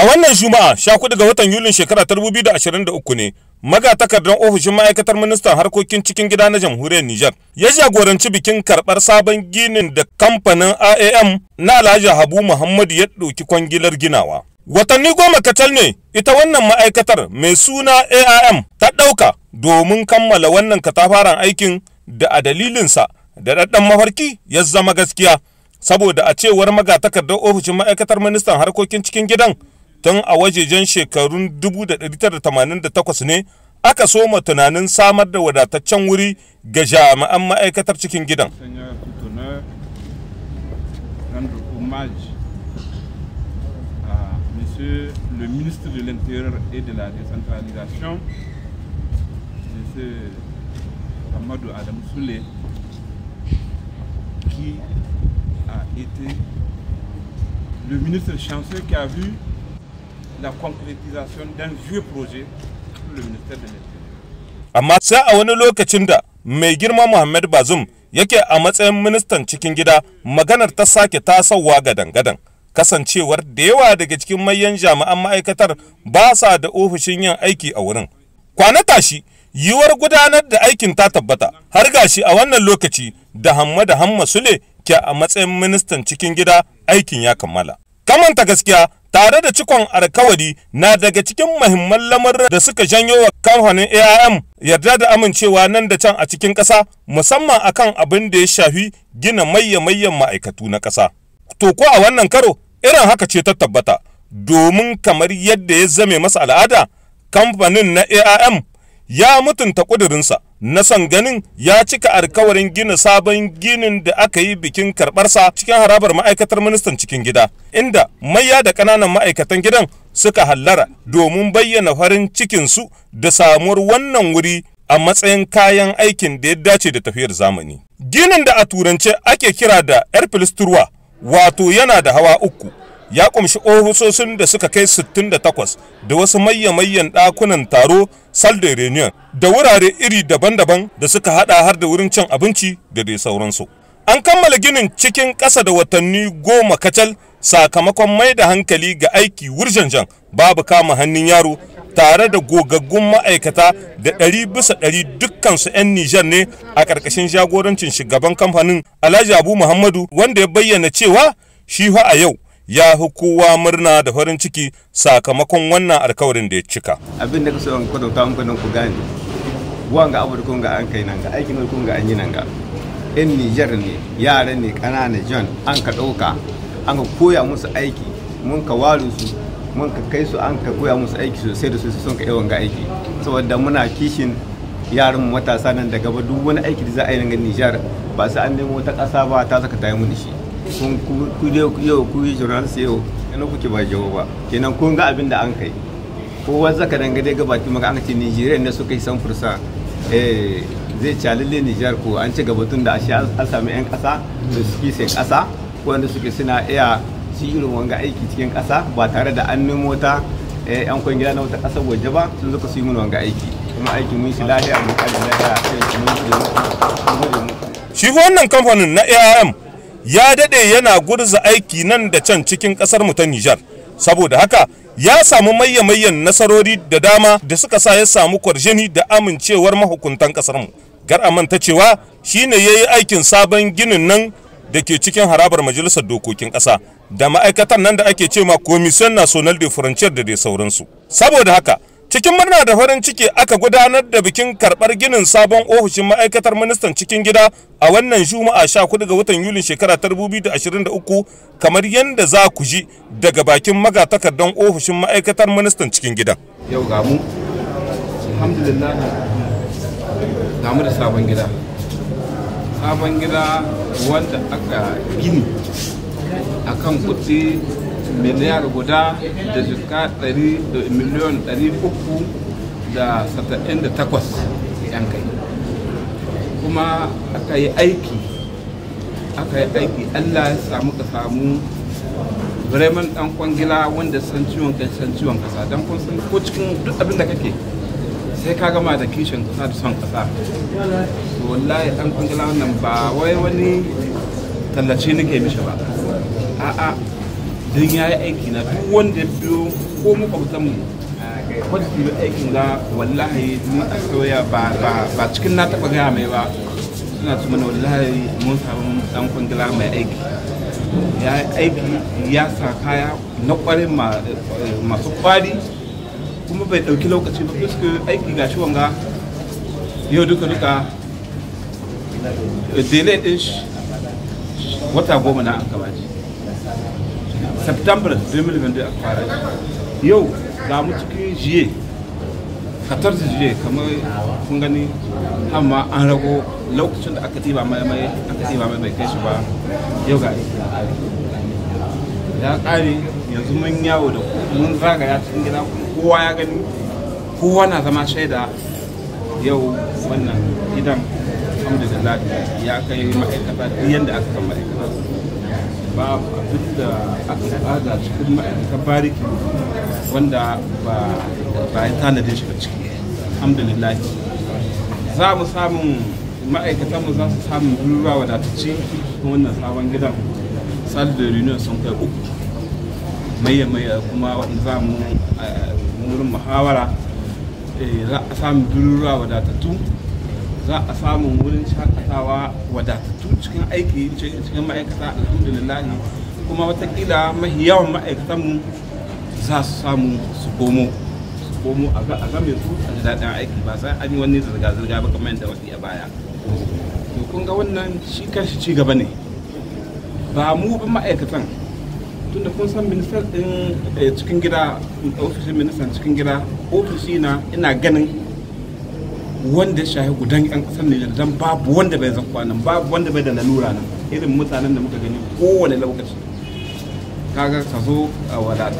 A wannan Juma'a, sha kuɗi ga watan Yulin shekara ta 2023 ne, magatakardar ofishin ma'aikatar ministan harkokin cikin gida na jamhuriyar Nijar ya jagoranci bikin karɓar sabon ginin da kamfanin AAM na Alhaji Habu Muhammadu ya ɗauki kwangilar ginawa. Watanni goma kacal ne ita wannan ma'aikatar mai suna AAM ta ɗauka domin kammala wannan katafaren aikin da a dalilinsa da ɗaɗɗan mafarki ya zama gaskiya. Saboda a cewar magatakardar ofishin ma'aikatar ministan harkokin cikin gidan tun a wajejen shekarun 1988 ne aka soma tunanin samar da wadataccen wuri ga jami'an ma'aikatar cikin gidan. Monsieur le ministre de l'Intérieur et de la décentralisation, Monsieur Amadou Adam Soule, qui a été le ministre chanceux qui a vu la concrétisation d'un vieux projet pour le ministère de Amma sai a wani lokacin da mai girma Muhammad Bazum yake a matsayin ministan cikin gida maganar ta sake tasowa gadan-gadan. Kasancewar da yawa daga cikin manyan jami'an ma'aikatar ba sa da ofishin yin aiki a wurin. Kwana tashi yiwuwar gudanar da aikin ta tabbata har gashi a wannan lokaci da hamma da hamma sule ke a matsayin ministan cikin gida aikin ya kammala. Kamanta gaskiya tare da cikon alkawari na daga cikin mahimman lamarin da suka janyo wa kamfanin AIM yarda da amincewa nan da can a cikin ƙasa musamman akan abin da ya shafi gina mayya-mayyan ma'aikatu na ƙasa. To ko a wannan karo irin haka ce ta tabbata domin kamar yadda ya zame masa al'ada kamfanin na AIM ya mutunta ƙudurinsa na son ganin ya cika alkawarin gina sabon ginin da aka yi bikin karɓarsa cikin harabar ma'aikatar ministan cikin gida inda maiya da ƙananan ma'aikatan gidan suka hallara domin bayyana farin cikinsu da samuwar wannan wuri a matsayin kayan aikin da ya dace da tafiyar zamani. Ginin da a turance ake kira da 'yar wato yana da hawa uku ya kumshi ofisoshin da suka kai 68 da wasu mayyamayyan ɗakunan taro sal de reunion da wurare iri daban-daban da suka hada har da wurin cin abinci da dai sauransu an kammala ginin cikin ƙasa da watanni goma kacal sakamakon mai da hankali ga aiki wurjanjan babu kama hannun yaro tare da gogaggun ma'aikata da ɗari bisa ɗari dukkansu 'yan Nijar ne a ƙarƙashin jagorancin shugaban kamfanin Alhaji Abu Muhammadu wanda ya bayyana cewa shi fa a yau ya fi kowa murna da farin ciki sakamakon wannan alkawarin da ya cika abin da ka so in dauka mun nan ku gane wanga abu da kun ga an kai nan ga aikin da kun ga an yi nan ga yan Nijar ne yara ne kanana John an ka ɗauka an ka koya musu aiki mun ka waru su mun ka kai su an ka koya musu aiki sosai da sosai sun ka yawan ga aiki saboda muna kishin yaran matasa nan da gaba duk wani aiki da za a yi nan Nijar ba sai an nemo wata kasa ba ta saka ta yi mun shi sun ku yau ku yi journalist yau ina kuke ba jawo ba kenan kun ga abin da an kai Ko wani zaka danga dai gabaki maka an ce Nigeria ne suka yi samfur sa eh zai calalle Nijar ko an ci gaba tun da ashe an sami yan kasa da suke sai kasa wanda suke suna iya su irin wanga aiki cikin kasa ba tare da an nemo ta yan eh, kwangila na wata kasar waje ba sun suka su yi mun wanga aiki kuma aiki mun shi lafiya mun kalli lafiya sai mun shi shi wannan kamfanin na ARM ya daɗe yana gurza aiki nan da can cikin ƙasarmu mu ta Nijar. Saboda haka ya samu mayya-mayyan nasarori da dama da suka sa ya samu kwarjini da amincewar mahukuntan ƙasarmu mu. Gar'aman ta cewa shine yayi aikin sabon ginin nan da ke cikin harabar majalisar dokokin ƙasa da ma'aikatan nan da ake cewa ma commission national de frontier da dai sauransu saboda haka cikin murna da farin ciki aka gudanar da bikin karɓar ginin sabon ofishin ma'aikatar ministan cikin gida a wannan juma'a 14 ga watan yulin shekara ta 2023 kamar yadda za ku ji daga bakin magatakardan ofishin ma'aikatar ministan cikin gida yau ga mu alhamdulillah ga mu da sabon gida sabon gida wanda aka gini akan kuɗi miliyar guda da jika miliyon takwas yan kai kuma aka yi aiki aka yi aiki allah ya samu ka samu bremen dan kwangila wanda san ciwon kai san ciwon kasa dan kun san ko cikin duk abin da kake sai ka gama da kishin kasa da son kasa to wallahi dan kwangila wannan ba wai wani tallace nake mishi ba a'a don ya yi aiki na duk wanda biyo ko makwabtan mu wadda su yi aikin ga wallahi ni a soya ba cikin na taɓa gaya mai ba suna su mana wallahi mun samu dan kwangila mai aiki ya yi aiki ya sa kaya na ƙwarin masu kwari kuma bai ɗauki lokaci ba suka aiki gashi wanga yau duka duka delay ɗin wata goma na an gabaji septembre 2022 aka fara yau ga mu cikin jiye 14 jiye kamar kun gani amma an rago lokacin da aka tiba mai mai aka tiba mai mai kai shi ba yau ga ya kare yanzu mun yawo da mun zagaya cikin gida kowa ya gani kowa na zama shaida yau wannan gidan alhamdulillah ya kai ma'aikata duk yadda aka kan ma'aikata babu abin da aka tsada cikin ma'aikatan bariki wanda ba ya tanadin shi ba ciki alhamdulillah za mu samun ma'aikatan mu za su samun ruwa wadatacce cikin wannan sabon gidan sal da reunion sun kai uku maye maye kuma wanda za mu eh, wurin muhawara eh, za a samun ruwa wadatattu za a samu wurin shakatawa wadatattu cikin aiki cikin ma'aikata alhamdulillah kuma watakila mahi yawan ma'aikatanmu za su samu su komo su komo a ga mai su a ji daɗin aiki ba sai an yi wani zirga-zirga ba kamar yadda wasu ya baya to kun ga wannan shi kanshi ci gaba ne ba mu ba ma'aikatan tun da kun san ministan eh, cikin gida ofishin ministan cikin gida ofishi na ina ganin wanda ya shahi gudan yan kasar Nijar dan babu wanda bai zan kwanan babu wanda bai da lalura nan irin mutanen da muka gani kowane lokaci kaga ka zo a wadatai